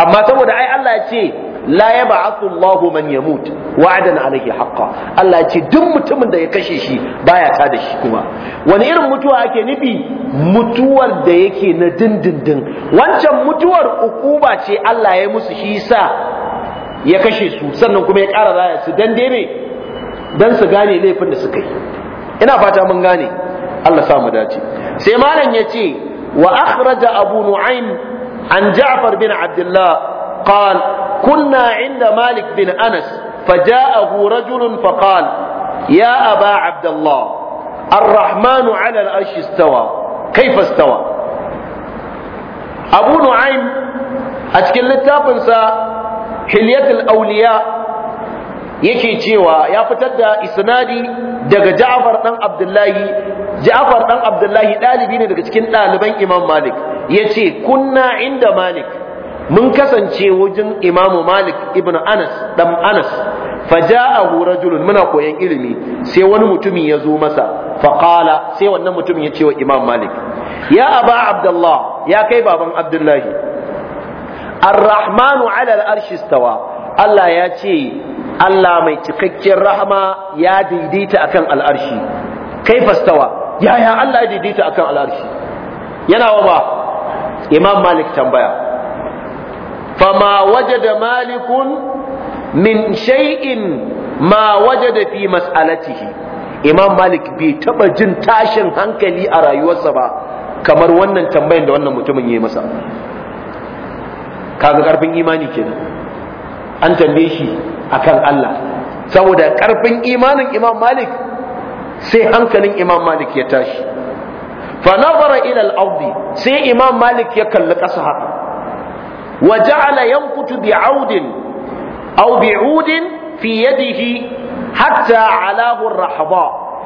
amma saboda ai Allah ya ce la yab'athu Allahu man yamut wa'adan alayhi haqqan Allah ce duk mutumin da ya kashe shi baya ta da shi kuma wani irin mutuwa ake nufi mutuwar da yake na dindindin wancan mutuwar ukuba ce Allah ya musu shi yasa ya kashe su sannan kuma ya ƙara raya su dan dai su gane laifin da suka yi ina fata mun gane Allah sa mu dace sai malam ya ce wa akhraja abu nu'ain an ja'far bin abdullah كنا عند مالك بن أنس فجاءه رجل فقال يا أبا عبد الله الرحمن على الأرش استوى كيف استوى أبو نعيم أتكلم التابنسا حلية الأولياء yake cewa ya fitar da isnadi daga Ja'far dan Abdullahi Ja'far dan Abdullahi dalibi ne daga cikin daliban Imam Malik yace kunna inda Malik mun kasance wajen imamu malik ibn anas dan anas faja'ahu rajulun muna koyan ilimi sai wani mutumi ya zo masa faqala sai wannan mutumin ya ce wa imam malik ya aba abdullah ya kai baban abdullahi ar-rahmanu 'ala al-arshi Allah ya ce Allah mai cikakken rahama ya daidaita akan al'arshi kai fastawa yaya Allah ya daidaita akan al'arshi yana wa ba imam malik tambaya fama da malikun min shay'in ma wajada fi mas'alatihi imam malik bai taba jin tashin hankali a rayuwarsa ba kamar wannan tambayan da wannan mutumin yayi masa kaga karfin imani kenan an tambaye shi akan Allah saboda karfin imanin imam malik sai hankalin imam malik ya tashi fa nazara ila al sai imam malik ya kalli ƙasa haka wa ja'ala yankutu bi'audin aw bi'udin fi yadihi hatta alahu rahaba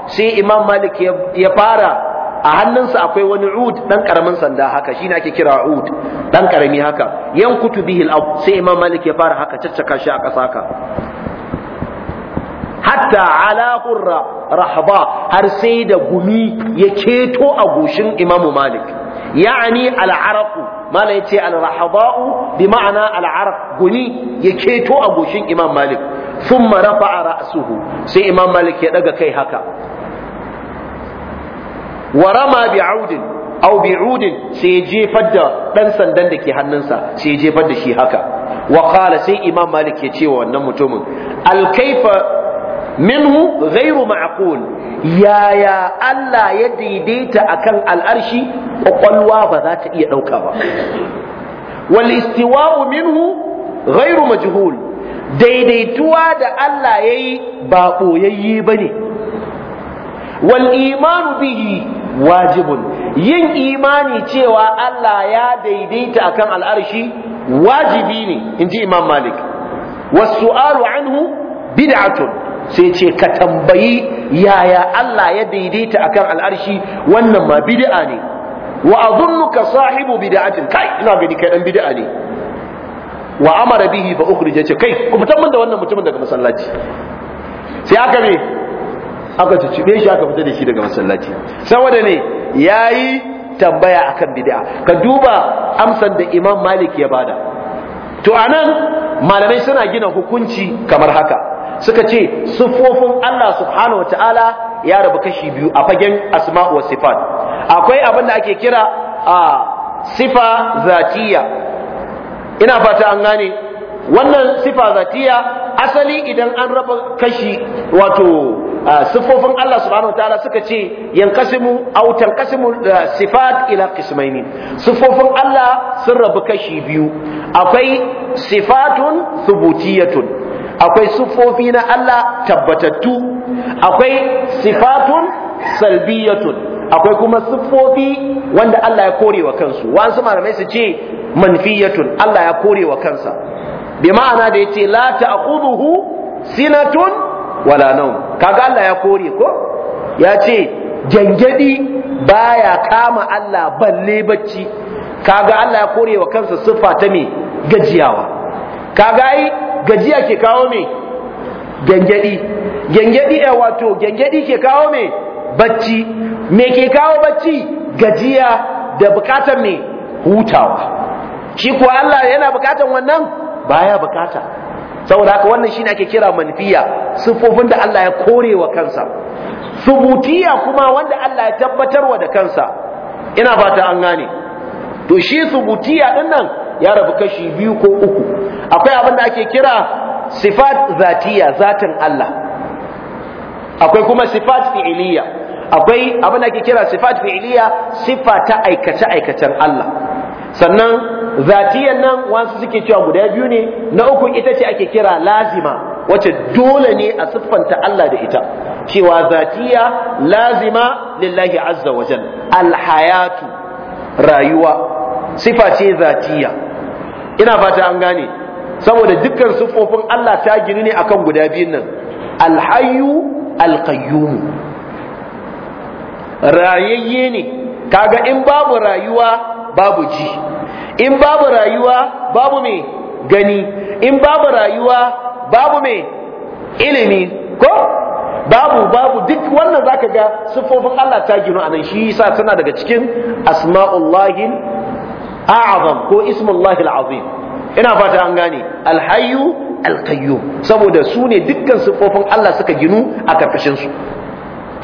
sai imam malik ya fara a hannunsa akwai wani ud dan karamin sanda haka shine ake kira ud dan karami haka yankutu bihi al sai imam malik fara haka hatta ala rahaba har sai da gumi ya keto agushin goshin malik ya'ani al araqu malam yace al-rahada'u bi ma'ana al-arq guni ya keto a goshin imam malik thumma rafa'a ra'suhu sai imam malik ya daga kai haka wa rama bi'audin aw bi'udin sai ya jefar da dan sandan da ke hannunsa sai ya jefar da shi haka wa qala sai imam malik ya ce wa wannan mutumin al-kayfa minhu ghairu ma'qul yaya Allah ya daidaita akan al'arshi ƙwaƙwalwa ba za ta iya ɗauka ba wal istiwa'u minhu ghairu majhul daidaituwa da Allah yayi ba ɓoyayye bane wal imanu bihi wajibun yin imani cewa Allah ya daidaita akan al'arshi wajibi ne inji Imam Malik was anhu bid'atun sai ce ka tambayi yaya Allah ya daidaita akan al'arshi wannan ma bid'a ne wa adhunnuka sahibu bid'atin kai ina gani kai dan bid'a ne wa amara bihi fa ukhrija ce kai ku fitar min da wannan mutumin daga masallaci sai aka me aka tucibe shi aka fitar da shi daga masallaci saboda ne yayi tambaya akan bid'a ka duba amsan da Imam Malik ya bada to anan malamai suna gina hukunci kamar haka suka ce sufofin Allah subhanahu wataala ya rabu kashi biyu a fagen asma'u wa sifat akwai abin da ake kira a sifa zatiya ina fata an gane wannan sifa zatiya asali idan an raba kashi wato sufofin Allah subhanahu wataala suka ce yanqasimu aw tanqasimu sifat ila Kismaini. sufofin Allah sun rabu kashi biyu akwai sifatun thubutiyatun akwai siffofi na Allah tabbatattu akwai sifatun salbiyatun akwai kuma siffofi wanda Allah ya kore wa kansu wasu malamai su ce manfiyatun Allah ya kore wa kansa bi ma'ana da yace la ta'khuduhu sinatun wala nawm kaga Allah ya kore ko ya ce jangadi baya kama Allah balle bacci kaga Allah ya kore wa kansa siffa ta me gajiyawa kaga ai gajiya ke kawo me gengedi gengedi ya eh, wato gengedi ke kawo me bacci me ke kawo bacci gajiya da bukatar me hutawa shi ko Allah yana bukatar wannan baya bukata saboda haka wannan shine ake kira manfiya sifofin da Allah ya kore wa kansa subutiya kuma wanda Allah ya tabbatarwa da kansa ina fata an gane to shi subutiya din ya rabu kashi biyu ko uku akwai abin da ake kira sifat zatiya zatin Allah akwai kuma sifat fi'iliya akwai abin da ake kira sifat fi'iliya sifa ta aikace aikacen Allah sannan zatiyan nan wasu suke cewa guda biyu ne na uku ita ce ake kira lazima wacce dole ne a siffanta Allah da ita cewa zatiya lazima lillahi azza wajen alhayatu rayuwa sifa ce zatiya ina fata an gane saboda dukkan siffofin Allah ta gini ne akan guda biyun nan alhayyu alqayyum rayayye ne kaga in babu rayuwa babu ji in babu rayuwa babu me gani in babu rayuwa babu me ilimi ko babu babu duk wannan zaka ga siffofin Allah ta gino anan shi yasa tana daga cikin asma'ullahi a'azam ko ismullahi al'azim ina fata an gane alhayyu alqayyum saboda su ne dukkan siffofin Allah suka ginu a karkashin su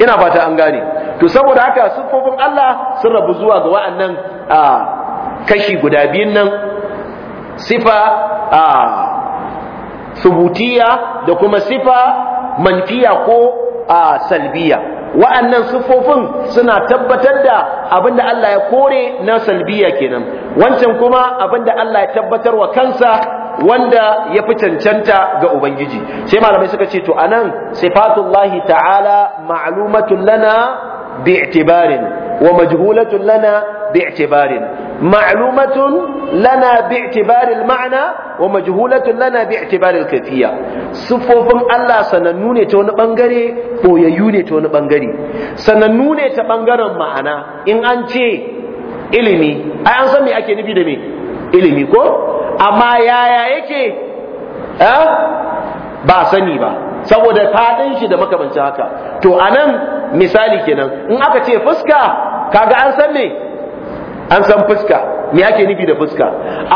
ina fata an gane to saboda haka siffofin Allah sun rabu zuwa ga wa'annan kashi guda biyun nan sifa subutiya da kuma sifa manfiya ko salbiya wa'annan siffofin suna tabbatar da abinda Allah ya kore na salbiya kenan wancan kuma abinda Allah ya tabbatar wa kansa wanda ya fi cancanta ga ubangiji sai malamai suka ce to anan sifatullahi ta'ala ma'lumatun lana bi'tibarin ومجهولة لنا باعتبار معلومة لنا باعتبار المعنى ومجهولة لنا باعتبار الكيفية صفوفن الله sanannu ta wani bangare boyayyu ne ta wani bangare sanannu ne ta ɓangaren ma'ana in an ce ilimi ai an san me ake nufi da me ilimi ko amma yaya yake eh? ba sani ba saboda fadin shi da makamancin haka to anan misali kenan in aka ce fuska kaga an san me an san fuska me ake nufi da fuska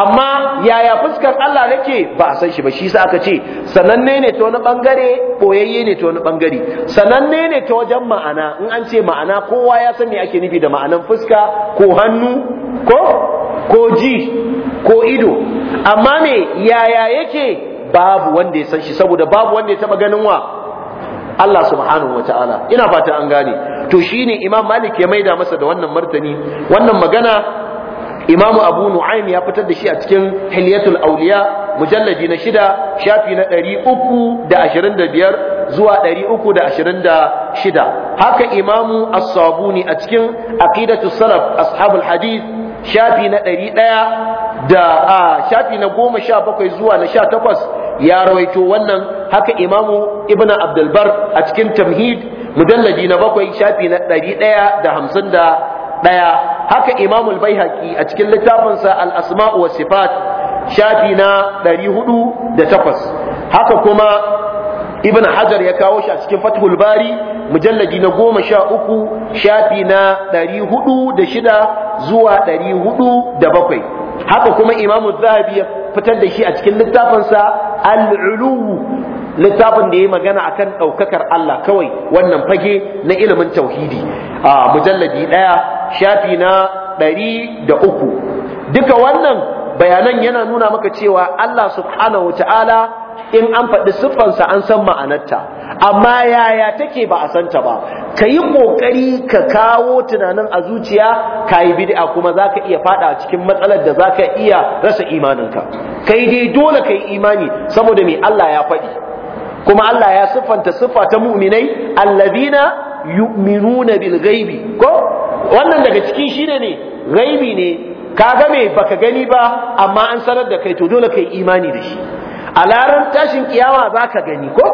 amma yaya fuskar Allah nake ba a san shi ba shi sa aka ce sananne ne ta wani bangare boyayye ne ta wani bangare sananne ne ta wajen ma'ana in an ce ma'ana kowa ya san me ake nufi da ma'anan fuska ko hannu ko ko ji ko ido amma me yaya yake babu wanda ya san shi saboda babu wanda ya taba ganin wa Allah subhanahu wa ta'ala ina fata an gane to shine Imam Malik ya maida masa da wannan martani wannan magana Imam Abu Nu'aym ya fitar da shi a cikin Hilyatul Awliya mujalladi na shida shafi na 325 zuwa 326 haka Imam As-Sabuni a cikin akidatu Salaf Ashabul Hadith shafi na 100 da shafi na 17 zuwa na 18 ya rawaito wannan haka imamu ibn abdulbar a cikin tamhid mujallaji na bakwai shafi na ɗari ɗaya da hamsin da ɗaya haka imamul baihaqi a cikin littafinsa al-asma'u sifat shafi na ɗari hudu da takwas haka kuma ibn hajar ya kawo shi a cikin fathul bari mujallaji na goma sha uku shafi na ɗari hudu da shida zuwa ɗari hudu da bakwai haka kuma imamu zahabi fitar da shi a cikin littafinsa al littafin da ya yi magana akan ɗaukakar Allah kawai wannan fage na ilimin tauhidi a mujalladi ɗaya shafi na ɗari da uku duka wannan bayanan yana nuna maka cewa Allah subhanahu wa ta'ala in an faɗi siffansa an san ma'anarta amma yaya take ba a santa ba ka yi ƙoƙari ka kawo tunanin a zuciya ka yi bid'a kuma za ka iya faɗa cikin matsalar da za ka iya rasa imaninka kai dai dole ka yi imani saboda me Allah ya faɗi kuma Allah ya siffanta siffa ta mu'minai allazina yu'minuna bil ghaibi ko wannan daga cikin shine ne ghaibi ne ka me baka gani ba amma an sanar da kai to dole kai imani da shi a larar tashin kiyawa za ka gani ko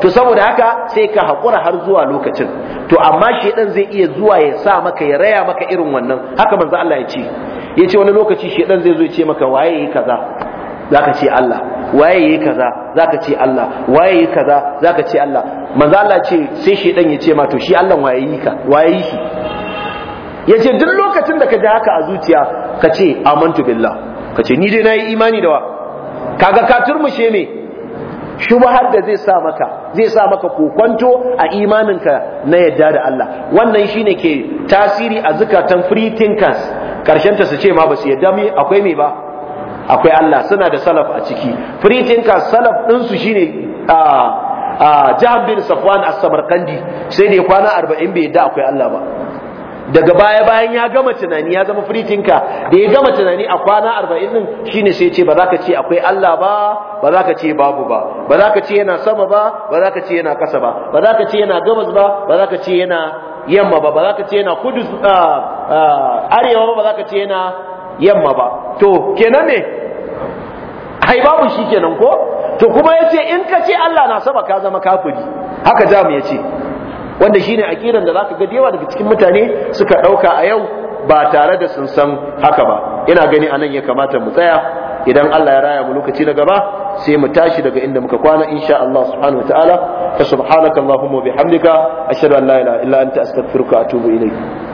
to saboda haka sai ka haƙura har zuwa lokacin to amma shi ɗan zai iya zuwa ya sa maka ya raya maka irin wannan haka manzo Allah ya ce ya ce wani lokaci shi ɗan zai zo ya ce maka waye yi kaza zaka ce Allah waye yi kaza zaka ce Allah waye yi kaza zaka ce Allah manzo Allah ce sai shi ɗan ya ce ma to shi Allah waye yi ka waye yi shi ya ce duk lokacin da ka ji haka a zuciya ka ce amantu billah ka ce ni dai na yi imani da wa kaga ka turmushe me shubhar da zai sa maka zai sa maka kokonto a imaninka na yadda da Allah wannan shine ke tasiri a zukatan free thinkers karshen ta su ce ma ba su yadda mai akwai mai ba akwai Allah suna da salaf a ciki free thinkers salaf din su shine a a Jahan bin Safwan as-Samarkandi sai da kwana 40 bai yadda akwai Allah ba daga baya bayan ya gama tunani ya zama fritinka da ya gama tunani a kwana arba'in din shine sai ce ba za ka ce akwai Allah ba ba za ka ce babu ba ba za ka ce yana sama ba ba za ka ce yana ƙasa ba ba za ka ce yana gabas ba ba za ka ce yana yamma ba ba za ka ce yana kudu ah, ah, arewa ba ba za ka ce yana yamma ba to kenan ne ai babu shi kenan ko to kuma yace in ka ce Allah na sama ka zama kafiri haka ya ce. wanda shine aqidan da zaka ga yawa daga cikin mutane suka dauka a yau ba tare da sun san haka ba ina gani anan ya kamata mu tsaya idan Allah ya raya mu lokaci na gaba sai mu tashi daga inda muka kwana insha Allah subhanahu wataala fa subhanakallahumma wa bihamdika ashhadu an la ilaha illa anta astaghfiruka wa atubu ilayk